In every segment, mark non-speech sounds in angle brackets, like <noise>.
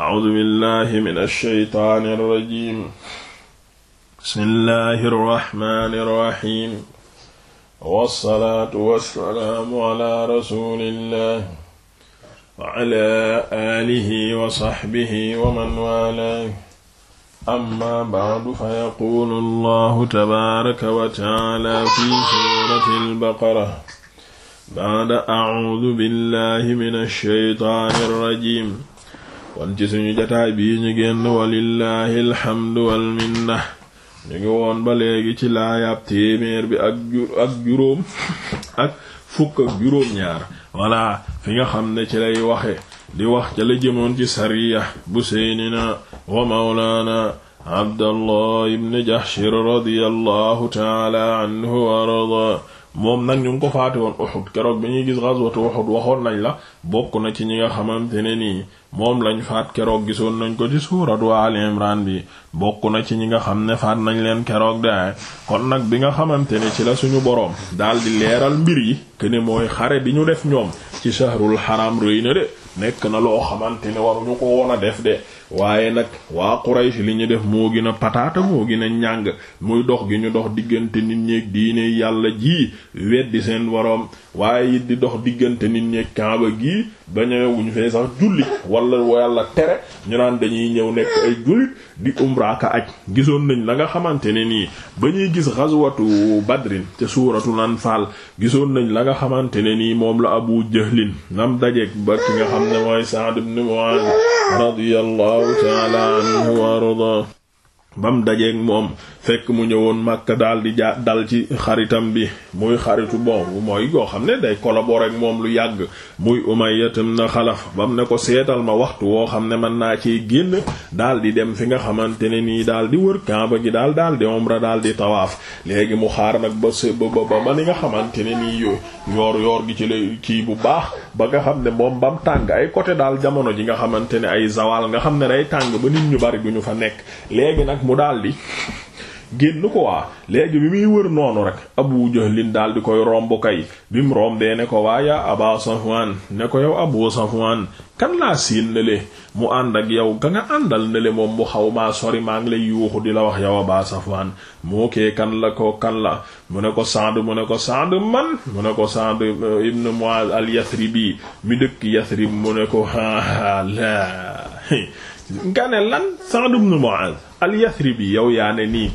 A'uuzu billaahi mina shaytaani rajiim. Bismillaahi rahmaani rahiim. Wassalaatu wassalaamu alaa rasuulillaahi wa alaa aalihi wa sahbihi wa man waalaahu. Ammaa ba'du fayaquulu Allaahu tabaaraka wa ta'aalaa fii suuratil Baqara. Ba'da a'uuzu billaahi mina shaytaani rajiim. kon ci suñu jataay bii ñu génn walillahi alhamdu wal ñu ngi woon ba léegi ci laayaab téeméer bi ak ak juróom ak fukk ak juróom ñaar walla fi nga xam ne ci lay waxe di wax ca la jëmoon ci sariya bu seynina wa mawlaana abdallah ibn jahshir radiyallahu taala anhu arda moom nag ñu ngi ko faate woon Uhud keroog bi ñuy gis ghazwatu Uhud waxoon nañ la bokk na ci ñi nga xamante ne nii moom lañ faat keroog gisoon nañ ko ci suuratu Al Imran bi bokk na ci ñi nga xam ne faat nañ leen keroog de kon nag bi nga xamante ne ci la suñu boroom daal di leeral mbir yi que ne mooy xare bi ñu def ñoom ci shahrul haram rëy na de nekk na loo xamante ne waruñu ko woon a def de waaye nag waa Quraysh li ñu def moo gën a pataata moo gi na njàng muy dox gi ñu dox diggante nit ñeeg diine yàlla ji weddi seen waroom waaye it di dox diggante nit ñeeg Kaaba gii ba ñëwuñu fee sax jullit wala yàlla tere ñu naan dañuy ñëw nekk ay jullit di umra ka aj gisoon nañ la nga xamante ne nii ba ñuy gis ghazwatu Badrin te suuratul Anfaal gisoon nañ la nga xamante ne nii moom la Abu Jahlin nam dajeek ba ki nga xam ne mooy Sa'd ibn radiyallahu ta'ala anhu wa ardaa bam dajeeg moom fekk mu ñëwoon Makka daal di ja dal ci xaritam bi muy xaritu bon mooy goo xam ne day collaborer ak moom lu yàgg muy Umayya tam na xalaf bam ne ko seetal ma waxtu woo xam ne mën naa ci génn daal di dem fi nga xamante ne nii daal di wër Kaaba gi daal daal di umra daal di tawaaf léegi mu xaar nag ba sa ba ba ba li nga xamante ne nii yoor yoor gi ci la kii bu baax ba nga xam ne moom bam tàng ay côté daal jamono ji nga xamante ne ay zawal nga xam ne day tàng ba nit ñu bari du ñu fa nekk mu daal di génn ko waa léegi bi muy wër noonu rek abu jahlin daal di koy romb kay bi mu rombee ne ko waa yaa aba ne ko yow abu safwan kan laa siin nale mu ànd ak yow ka nga àndal nale moom mu xaw maa sori maa ngi la yuuxu di la wax yow aba safwan moo kee kan la ko kan la mu ne ko Saad mu ne ko Saad man mu ne ko Saad ibn Muaz al Yathribi mu ne ko <laughs> aa la <laughs> nga ne lan Saad ibn Muaz al bi yow yaa ne nii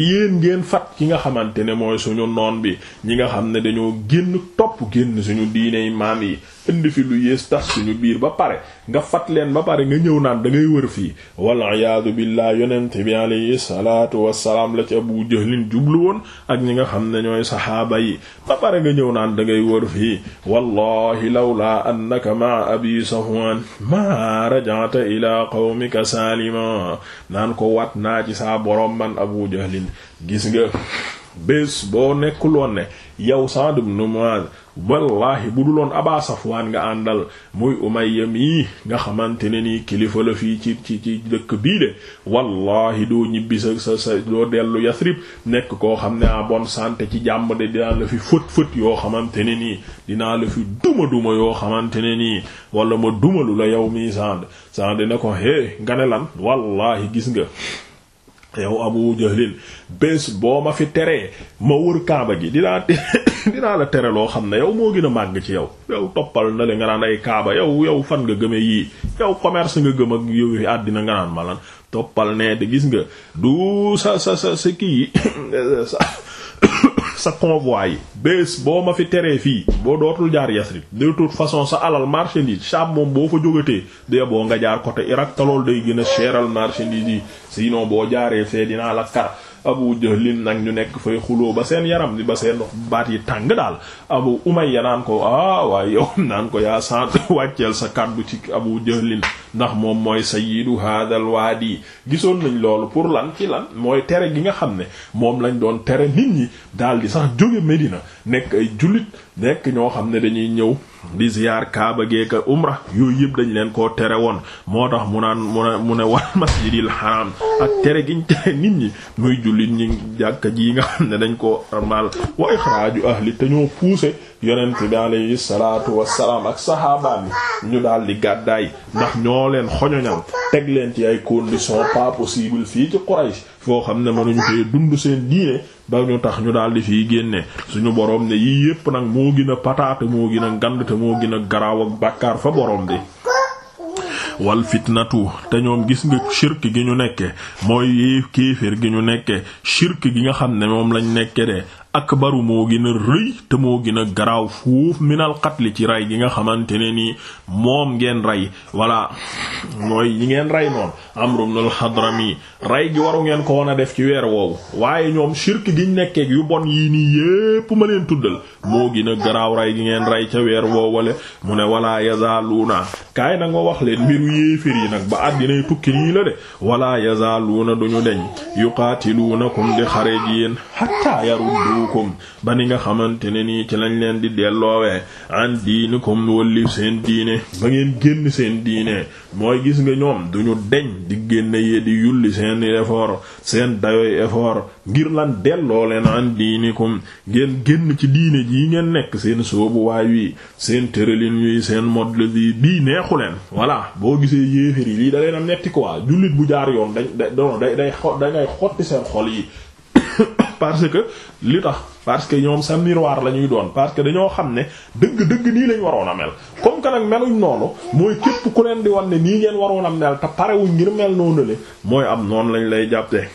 yéen ngeen fat ki nga xamante ne mooy suñu noon bi ñi nga xam ne dañoo génn topp génn suñu diiney maam yi indi fi lu yées tax suñu biir ba pare nga fat leen ba pare nga ñëw naan dangay ngay wër fii waliyaadu billah yonent bi alayhi salaatu wassalaam la ci Abu Jahlin jublu woon ak ñi nga xam ne ñooy saxaaba yi ba pare nga ñëw naan da ngay wër fii wallahi lawla annaka maa abi safwan maa raja'ta ila qawmika salima naan ko wat naa ci saa borom man Abu Jahlin gis nga bés boo nekkuloon ne yow Sa'd ibn Mu'adh wallahi bu duloon Aba Safwaan nga àndal muy Umayya mii nga xamante ne nii kilifa la fii ci ci ci dëkk bii de wallahi doo ñibbi sa sa sa doo dellu Yasrib nekk koo xam ne à bonne santé ci jàmm de dinaa la fi fët fët yoo xamante ne nii dinaa la fi duma duma yoo xamante ne nii wala ma dumalu la yow mii Sa'd Sa'd ne ko hé nga ne lan wallahi gis nga yow Abu Jahlin bés boo ma fi teree ma wër kaaba gi dinaa <coughs> dinaa la tere loo xam ne yow moo gën a màgg ci yow yow toppal na le nga naan ay kaaba yow yow fan nga gëme yii yow commerce nga gëm ak yow yi àddina nga naan malan toppal ne de gis nga du sa sa sa sa kii <coughs> sa sa convoi yi bés boo ma fi teree fii boo dootul jaar Yasrib de toute façon sa alal marchandise Sham boo fa jógatee dee boo nga jaar côté Irak te day gën a seeral marchandise yi sinon boo jaaree fee dinaa la kar abu jahlin nag ñu nekk fay xuloo ba seen yaram di ba seen baat yi tàng daal abu umayya naan ko ah waaye yow <laughs> naan ko yaa sant <laughs> wàcceel sa kàddu ci abu jëlin ndax moom mooy sa sayyidu hadal waadi gisoon nañ loolu pour lan ci lan mooy tere gi nga xam ne moom lañ doon tere nit ñi daal di sax jóge Medina nekk ay jullit nekk ñoo xam ne dañuy ñëw di ziyaar kaaba geeka umra yooyu yëpp dañ leen koo tere woon moo tax mu naan mu ne mu ne wal masjidil haram ak tere giñ tere nit ñi muy jullit ñi jàkka ji nga xam ne dañ koo armal wa ixraaju ahli te ñoo poussé yonent bi alayhi salaatu wassalaam ak sahaabaan bi ñu daal gàddaay ndax ñoo leen xoñoñal teg leen ci ay conditions pas possible fii ci Quraysh foo xam ne mënuñu fee dund seen diine ba ñu tax ñu daal di fiy génne suñu borom ne yii yépp nag moo gën pataata pataate moo gën ngand te moo gën a garaaw ak bàkkaar fa borom bi wal fitnatu te ñoom gis nga shirk gi ñu nekke mooy yéef gi ñu nekke shirk gi nga xam ne moom lañ nekke de akbaru moo gën a rëy te moo gën a garaaw fuuf minal qatli ci ray gi nga xamante ne nii moom ngeen ray voilà mooy ñi ngeen ray noonu Amru ibn al-Hadrami rey gi waru ngeen ko a def ci weer woowu waaye ñoom shirk giñ nekkeek yu bon yii nii yépp ma leen tuddal moo gën a garaaw rey gi ngeen ray ca weer woowale mu ne wala yazaaluuna kaay na ma wax leen mbiru yéefér yi nag ba àddinay tukki nii la de wala yazaaluuna duñu deñ yuqaatiluunakum di xare ji yéen hatta yaruddukum ba ni nga xamante ne nii ci lañ leen di delloowee an diinikum wallif seen diine ba ngeen génn seen diine mooy gis nga ñoom duñu deñ di génne yee di yulli seen effort seen dayoy effort ngir lan delloo leen an diinikum ngeen génn ci diine ji ngeen nekk seen soobuwaay wi seen tëralin wi seen modle bi bii neexu leen voilà boo gisee yéefér yi lii da leen am netti quoi jullit bu jaar yoon dañ xotti seen xol yi <coughs> parce que li tax parce que ñoom sa miroir la ñuy doon parce que dañoo xam ne dëgg dëgg nii lañ waroon a mel comme que nag meluñ noonu mooy képp ku leen di wan ne nii ngeen waroon a mel te parewuñ ngir mel noonu le mooy am noonu lañu lay jàppee.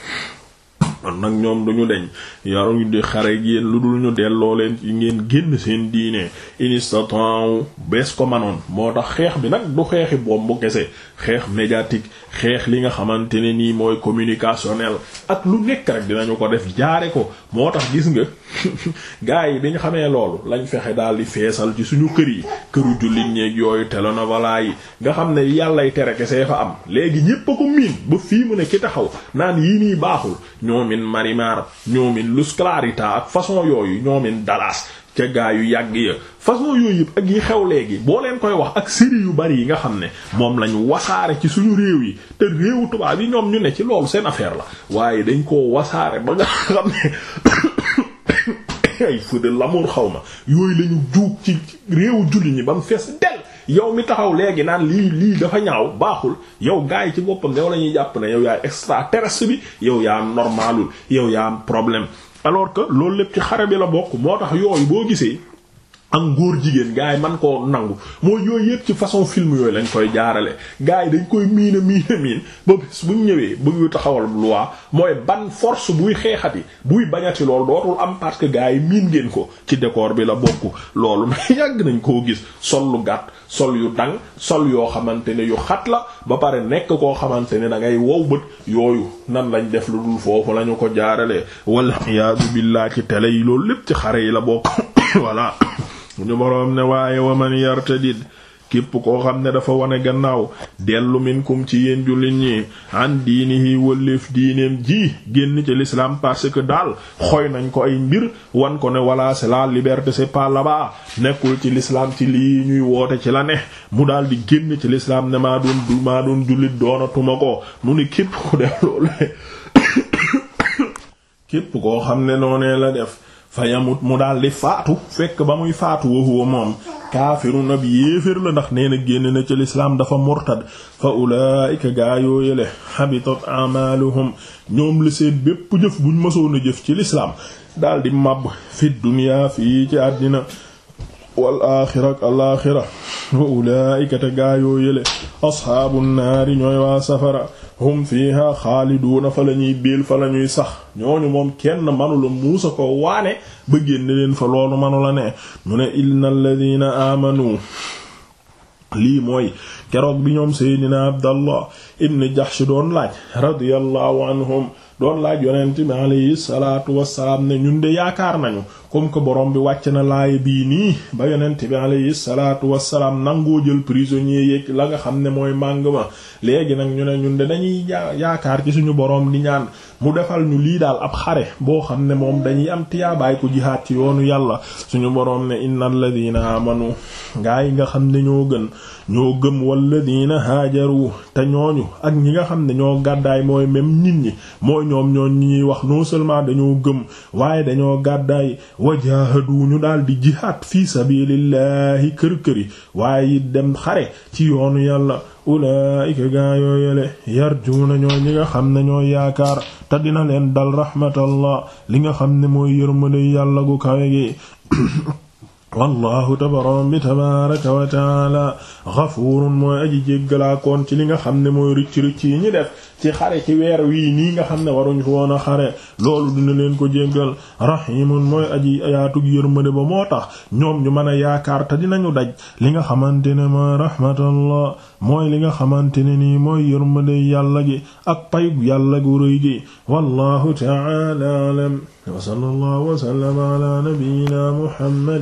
kon nag ñoom duñu deñ yaru di xare yéen lu dul ñu delloo leen ci ngeen génn seen diine inistatan bees ko manoon moo tax xeex bi nag du xeexi bombu kese xeex médiatique xeex li nga xamante ne nii mooy communicationnel ak lu nekk rek dinañu ko def jaare ko moo tax gis nga <laughs> gaa yi bi ñu xamee loolu lañ fexe daal di feesal ci suñu kër yi këru jullit ñéeg yooyu télénovela yi nga xam ne yàllay tere kese fa am léegi ñépp a ko miin ba fii mu ne ki taxaw naan yii nii baaxul ñoomin Marimar ñoomin Luz Clarita ak façon yooyu ñoomin Dallas ca gaa yu yàgg ya façon yooyu yëpp ak yi xew léegi boo leen koy wax ak série yu bari yi nga xam ne moom lañu wasaare ci suñu réew yi te réewu tubaab yi ñoom ñu ne ci loolu seen affaire la waaye dañ koo wasaare ba nga <laughs> ay feu de l'amour xawma ma yooyu la ñu juug ci réewu julli ñi ba mu fees del yow mi taxaw léegi naan lii lii dafa ñaaw baaxul yow gars yi ci boppam yow la ñuy jàpp na yow yaa extraterrestre bi yow yaa normalul yow yaa problème alors que loolu lépp ci xare bi la bokk moo tax yooyu boo gisee am ngóor jigéen gars man koo nangu mooy yooyu yëpp ci façon film yooyu lañ koy jaarale gars yi dañ koy miin a miin a miin ba bés bu ñu ñëwee bëgg taxawal loi mooy ban force buy xeexati buy bañati loolu dootul am parce que gars yi miin ngeen ko ci décor bi la bokk loolu nag <laughs> yàgg nañ koo gis sol lu gàtt sol yu dang sol yoo xamante ne yu xat la ba pare nekk koo xamante ne da ngay wow bët yooyu nan lañ def lu dul foofu la ñu ko jaarale wala iyaadu billah ci télé loolu lépp ci xare yi la bokk <coughs> ñu boroom ne waaye wa man yartadid képp koo xam ne dafa wane gannaaw dellu minkum ci yéen jullit ñi an diinihi wëllif diineem ji génn ci l'islam parce que daal xooy nañ ko ay mbir wan ko ne voilà c'est la liberté c'est pas là nekkul ci l'islam ci lii ñuy woote ci la ne mu daal di génn ci l'islam ne maa doon jullit doonatuma ko mu ni képp ku def loolu <coughs> <coughs> <coughs> képp koo xam ne noonee def fa yamut mu daal di faatu fekk ba muy faatu wa huwa moom kaafirun ab yéefér la ndax nee na génn na ci lislaam dafa murtad fa ulaayika gaayoo yele habitat amaluhum ñoom la seen bépp jëf buñ mësoon a jëf ci lislaam daal di màbb fi dunya fii ci àddina wal axira ak wa ulaayika te gaayoo yele ashaabu naari ñooy waa safara hum fiha xaaliduuna fa lañuy ñuy biil fa la ñuy sax ñooñu moom kenn manula muusa ko waane ba génne leen fa loolu manula ne mu ne inna alladina aamanu lii mooy keroog bi ñoom seydina abdallah jax jahsh doon laaj radiyallahu anhum doon laaj yonent bi alayhi salaatu wassalaam ne ñun de yaakaar nañu comme que borom bi wàcc na laay bii nii ba yonent bi alayhi salaatu wassalaam nangoo jël prisonnier yeeg la nga xam ne mooy màng ma léegi nag ñu ne ñun de yaakaar ci suñu borom di mu defal ñu lii daal ab xare boo xam ne moom dañuy am tiyaabaay ko jihaat ci yoonu yàlla suñu borom ne innal ladina amanu gaa yi nga xam ne ñoo gën ñoo gëm walladina haajaru te ñooñu ak ñi nga xam ne ñoo gàddaay mooy même nit ñi mooy ñoom ñoo ñuy wax non seulement dañoo gëm waaye dañoo gàddaay wajaahadu ñu daal di jihaad fii sabilillahi kër këri waaye it dem xare ci yoonu yàlla ulaayika gaa yooyale yarjuuna ñoo ñi nga xam ne yaakaar te dina leen dal rahmatallah li nga xam ne mooy yërmande yàlla gu kawe gi <coughs> wallahu te borom bi tabaraka wa taala gafuurun mooy aji jéggalaakoon ci li nga xam ne mooy ricc ricc yi ñi def ci xare ci weer wii nii nga xam ne waruñ fi woon a xare loolu dina leen ko jéggal rahimun mooy aji yaatug yërmande ba moo tax ñoom ñu mën a yaakaar te dinañu daj li nga xamante ne mooy rahmatullah mooy li nga xamante ne nii mooy yërmande yàlla gi ak pay yàlla gu rëy gi wallahu taala alam wa sallallahu wa sallama ala nabiyyina muhammad